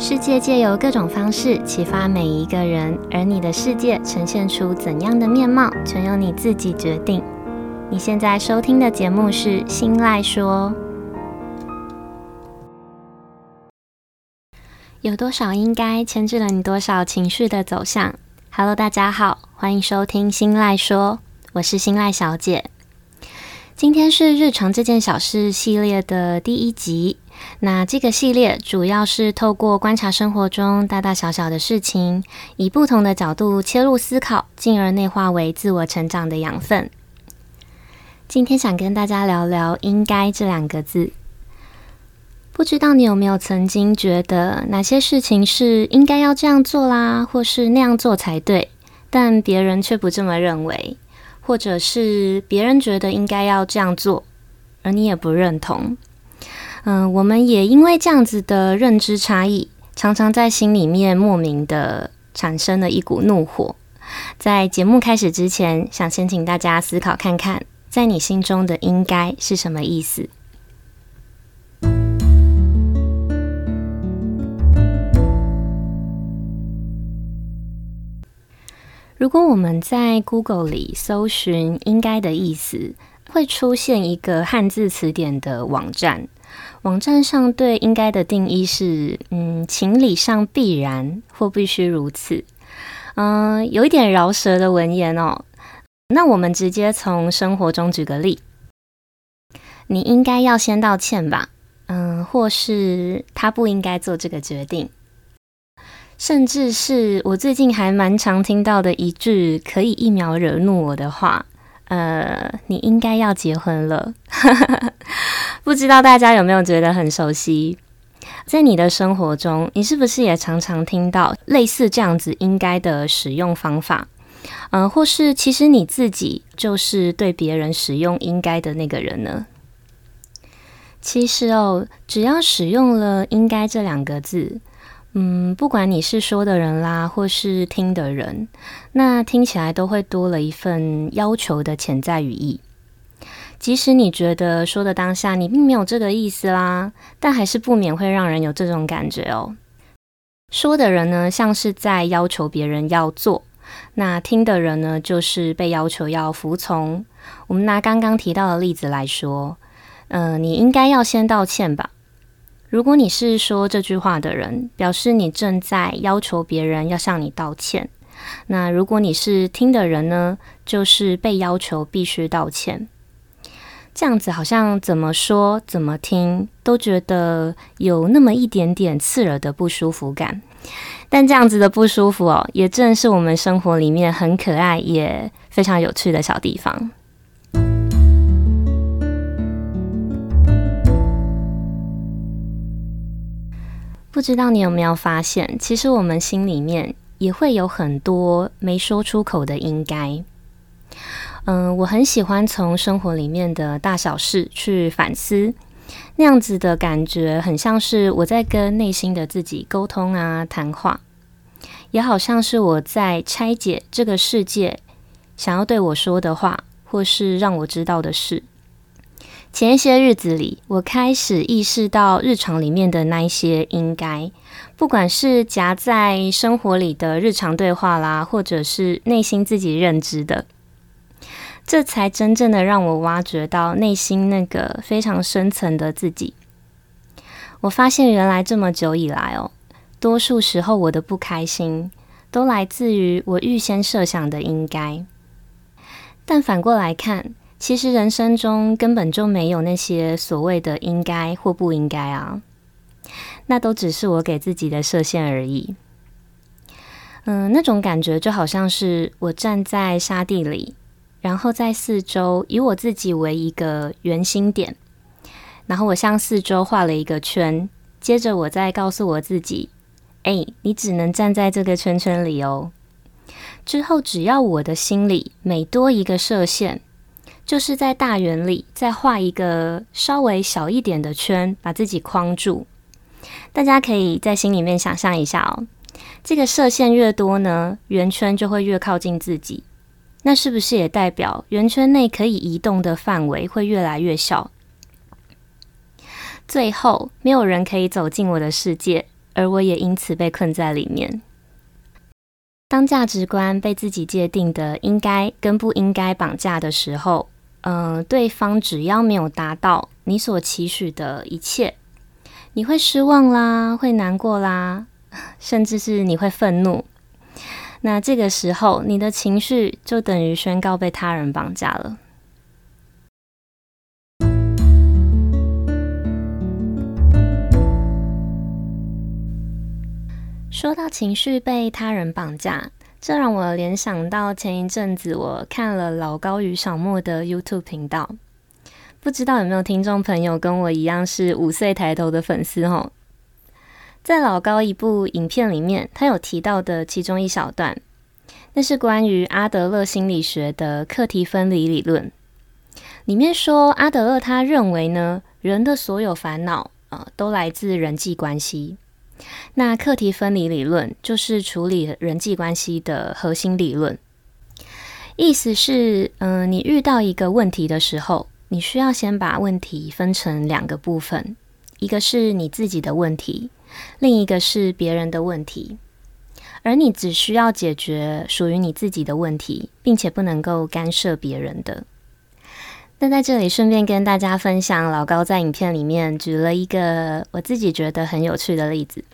世界借由各種方式啟發每一個人，而你的世界呈現出怎樣的面貌，全由你自己決定。你現在收聽的節目是《心賴說》，有多少應該牽制了你多少情緒的走向？Hello，大家好，歡迎收聽《心賴說》，我是心賴小姐。今天是《日常這件小事》系列的第一集。那這個系列主要是透過觀察生活中大大小小的事情，以不同的角度切入思考，進而內化為自我成長的養分。今天想跟大家聊聊“應該”這兩個字。不知道你有沒有曾經覺得哪些事情是應該要這樣做啦，或是那樣做才對，但別人却不這麼認為，或者是別人覺得應該要這樣做，而你也不認同。嗯，我們也因為這樣子的認知差異，常常在心裡面莫名的產生了一股怒火。在節目開始之前，想先請大家思考看看，在你心中的“應該”是什麼意思？如果我們在 Google 裡搜尋“應該”的意思，會出現一個漢字詞典的網站。網站上對“應該”的定義是，嗯，情理上必然或必須如此。嗯、呃，有一點饒舌的文言哦。那我們直接從生活中舉個例：你應該要先道歉吧，嗯、呃，或是他不應該做這個決定，甚至是我最近還蠻常聽到的一句可以一秒惹怒我的話：呃，你應該要結婚了。 不知道大家有沒有覺得很熟悉？在你的生活中，你是不是也常常聽到類似這樣子“應該”的使用方法？嗯、呃，或是其實你自己就是對別人使用“應該”的那個人呢？其實哦，只要使用了“應該”這兩個字，嗯，不管你是說的人啦，或是聽的人，那聽起來都會多了一份要求的潛在語義。即使你覺得說的當下你並沒有這個意思啦，但還是不免會讓人有這種感覺哦。說的人呢像是在要求別人要做，那聽的人呢就是被要求要服從。我們拿剛剛提到的例子來說，嗯、呃，你應該要先道歉吧。如果你是說這句話的人，表示你正在要求別人要向你道歉。那如果你是聽的人呢，就是被要求必須道歉。這樣子好像怎麼說怎麼聽都覺得有那麼一點點刺耳的不舒服感，但這樣子的不舒服哦，也正是我們生活裡面很可愛也非常有趣的小地方。不知道你有沒有發現，其實我們心裡面也會有很多沒說出口的應該。嗯，我很喜歡從生活裡面的大小事去反思，那樣子的感覺很像是我在跟內心的自己溝通啊，談話，也好像是我在拆解這個世界想要對我說的話，或是讓我知道的事。前一些日子裡，我開始意識到日常裡面的那一些應該，不管是夾在生活裡的日常對話啦，或者是內心自己認知的。這才真正的讓我挖掘到內心那個非常深層的自己。我發現原來這麼久以來哦，多數時候我的不開心都來自於我預先設想的應該。但反過來看，其實人生中根本就沒有那些所謂的應該或不應該啊，那都只是我給自己的設限而已。嗯、呃，那種感覺就好像是我站在沙地裡。然後在四周以我自己為一個圓心點，然後我向四周畫了一個圈。接着我再告訴我自己：“哎，你只能站在這個圈圈裡哦。”之後只要我的心裡每多一個射線，就是在大圓裡再畫一個稍微小一點的圈，把自己框住。大家可以在心裡面想象一下哦，這個射線越多呢，圓圈就會越靠近自己。那是不是也代表圓圈內可以移動的範圍會越來越小？最後，沒有人可以走進我的世界，而我也因此被困在裡面。當價值觀被自己界定的應該跟不應該綁架的時候，嗯、呃，對方只要沒有達到你所期許的一切，你會失望啦，會難過啦，甚至是你會憤怒。那這個時候，你的情緒就等於宣告被他人綁架了。說到情緒被他人綁架，這讓我聯想到前一陣子我看了老高與小茉的 YouTube 頻道，不知道有沒有聽眾朋友跟我一樣是五歲抬頭的粉絲吼。在老高一部影片裡面，他有提到的其中一小段，那是關於阿德勒心理學的課題分離理論。裡面說，阿德勒他認為呢，人的所有煩惱啊，都來自人際關係。那課題分離理論就是處理人際關係的核心理論。意思是，嗯、呃，你遇到一個問題的時候，你需要先把問題分成兩個部分，一個是你自己的問題。另一個是別人的問題，而你只需要解決屬於你自己的問題，並且不能夠干涉別人的。那在這裡順便跟大家分享，老高在影片裡面舉了一個我自己覺得很有趣的例子。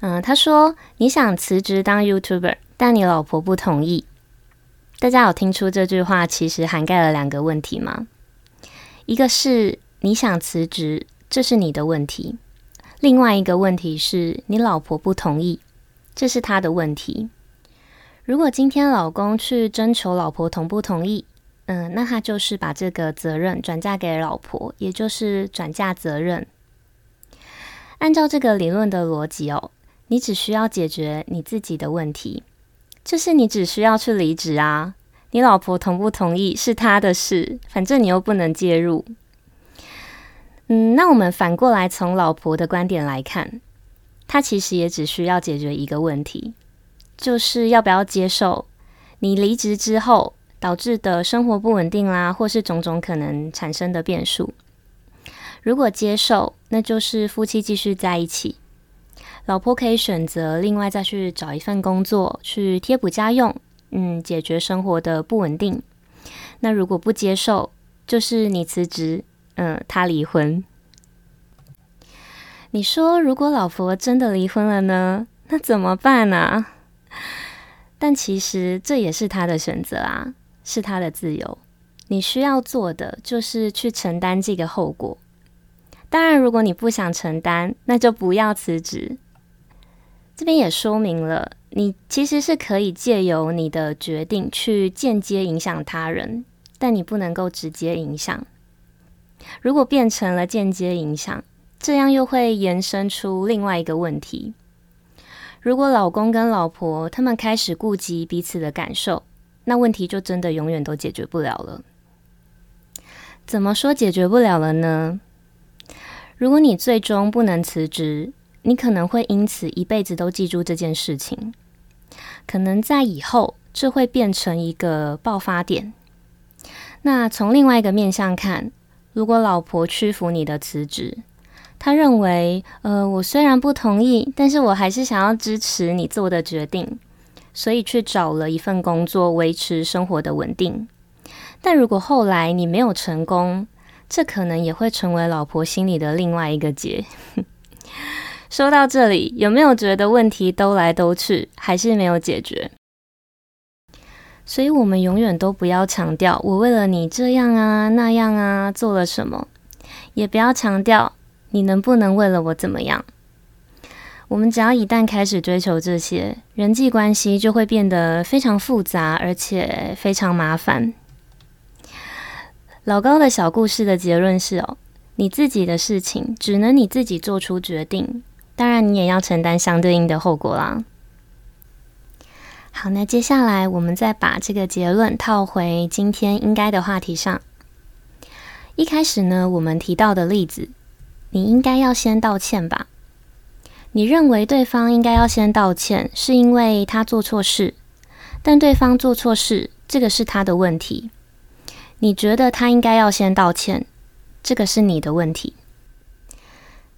嗯、呃，他說你想辭職當 YouTuber，但你老婆不同意。大家有聽出這句話其實涵蓋了兩個問題嗎？一個是你想辭職，這是你的問題。另外一個問題是你老婆不同意，這是他的問題。如果今天老公去徵求老婆同不同意，嗯、呃，那他就是把這個責任轉嫁給老婆，也就是轉嫁責任。按照這個理論的邏輯哦，你只需要解決你自己的問題，就是你只需要去離職啊。你老婆同不同意是他的事，反正你又不能介入。嗯，那我們反過來從老婆的觀點來看，她其實也只需要解決一個問題，就是要不要接受你離職之後導致的生活不穩定啦，或是種種可能產生的變數。如果接受，那就是夫妻繼續在一起，老婆可以選擇另外再去找一份工作，去貼補家用，嗯，解決生活的不穩定。那如果不接受，就是你辭職。嗯，他離婚。你說，如果老婆真的離婚了呢？那怎麼辦呢啊？但其實這也是他的選擇啊，是他的自由。你需要做的就是去承擔這個後果。當然，如果你不想承擔，那就不要辭職。這邊也說明了，你其實是可以借由你的決定去間接影響他人，但你不能夠直接影響。如果變成了間接影響，這樣又會延伸出另外一個問題。如果老公跟老婆他們開始顧及彼此的感受，那問題就真的永遠都解決不了了。怎麼說解決不了了呢？如果你最終不能辭職，你可能會因此一輩子都記住這件事情，可能在以後這會變成一個爆發點。那從另外一個面向看。如果老婆屈服你的辭職，她認為，呃，我雖然不同意，但是我還是想要支持你做的決定，所以去找了一份工作維持生活的穩定。但如果後來你沒有成功，這可能也會成為老婆心裡的另外一個結。 說到這裡，有沒有覺得問題兜來兜去，還是沒有解決？所以，我們永遠都不要強調我為了你這樣啊那樣啊做了什麼，也不要強調你能不能為了我怎麼樣。我們只要一旦開始追求這些，人際關係就會變得非常複雜，而且非常麻煩。老高的小故事的結論是：哦，你自己的事情只能你自己做出決定，當然你也要承擔相對應的後果啦。好，那接下來我們再把這個結論套回今天應該的話題上。一開始呢，我們提到的例子，你應該要先道歉吧？你認為對方應該要先道歉，是因為他做錯事，但對方做錯事，這個是他的問題。你覺得他應該要先道歉，這個是你的問題。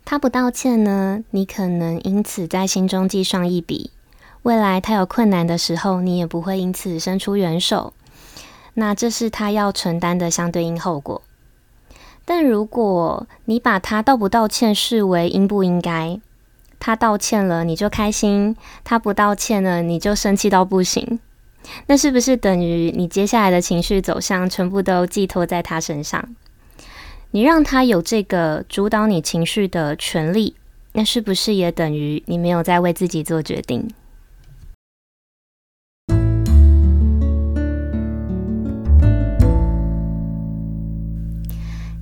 他不道歉呢，你可能因此在心中記上一筆。未來他有困難的時候，你也不會因此伸出援手，那這是他要承擔的相對應後果。但如果你把他道不道歉視為應不應該，他道歉了你就開心，他不道歉了你就生氣到不行，那是不是等於你接下來的情緒走向全部都寄托在他身上？你讓他有這個主導你情緒的權利，那是不是也等於你沒有在為自己做決定？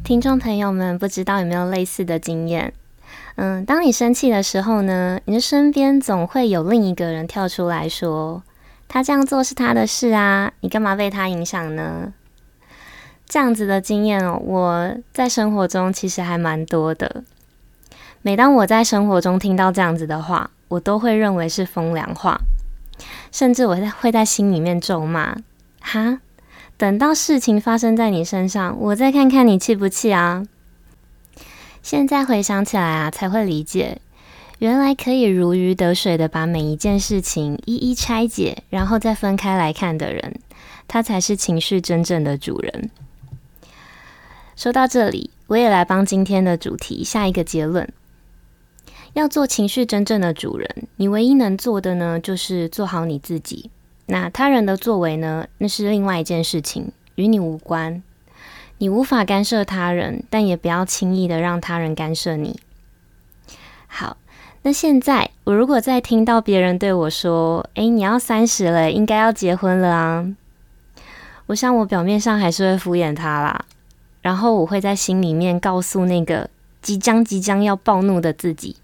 聽眾朋友們，不知道有沒有類似的經驗？嗯，當你生氣的時候呢，你的身邊總會有另一個人跳出來說：“他這樣做是他的事啊，你幹嘛被他影響呢？”這樣子的經驗哦，我在生活中其實還蠻多的。每當我在生活中聽到這樣子的話，我都會認為是風涼話，甚至我在會在心裡面咒罵：“哈。”等到事情發生在你身上，我再看看你氣不氣啊。現在回想起來啊，才會理解，原來可以如魚得水的把每一件事情一一拆解，然後再分開來看的人，他才是情緒真正的主人。說到這裡，我也來幫今天的主題下一個結論。要做情緒真正的主人，你唯一能做的呢，就是做好你自己。那他人的作為呢？那是另外一件事情，與你無關。你無法干涉他人，但也不要輕易的讓他人干涉你。好，那現在我如果再聽到別人對我說：“欸，你要三十了，應該要結婚了啊！”我想我表面上還是會敷衍他啦，然後我會在心裡面告訴那個即將即將要暴怒的自己，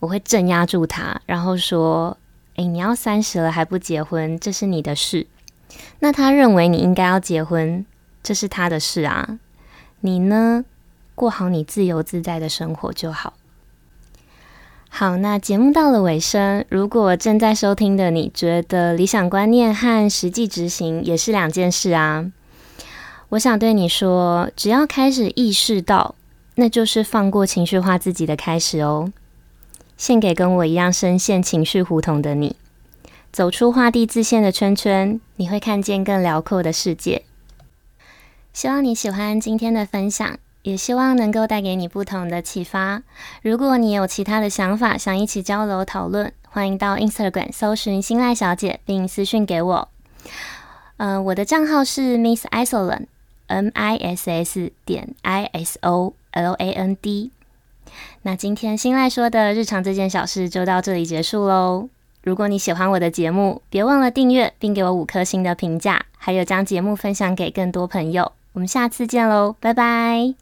我會鎮壓住他，然後說。哎，你要三十了還不結婚，這是你的事。那他認為你應該要結婚，這是他的事啊。你呢，過好你自由自在的生活就好。好，那節目到了尾聲，如果正在收聽的你覺得理想觀念和實際執行也是兩件事啊，我想對你說，只要開始意識到，那就是放過情緒化自己的開始哦。獻給跟我一樣深陷情緒胡同的你，走出畫地自限的圈圈，你會看見更遼闊的世界。希望你喜歡今天的分享，也希望能夠帶給你不同的啟發。如果你有其他的想法，想一起交流討論，歡迎到 Instagram 搜尋“心賴小姐”並私訊給我。嗯，我的賬號是 Miss Isoland，M I S S 點 I S O L A N D。那今天心賴說的日常這件小事就到這裡結束嘍。如果你喜歡我的節目，別忘了訂閱並給我五顆星的評價，還有將節目分享給更多朋友。我們下次見嘍，拜拜。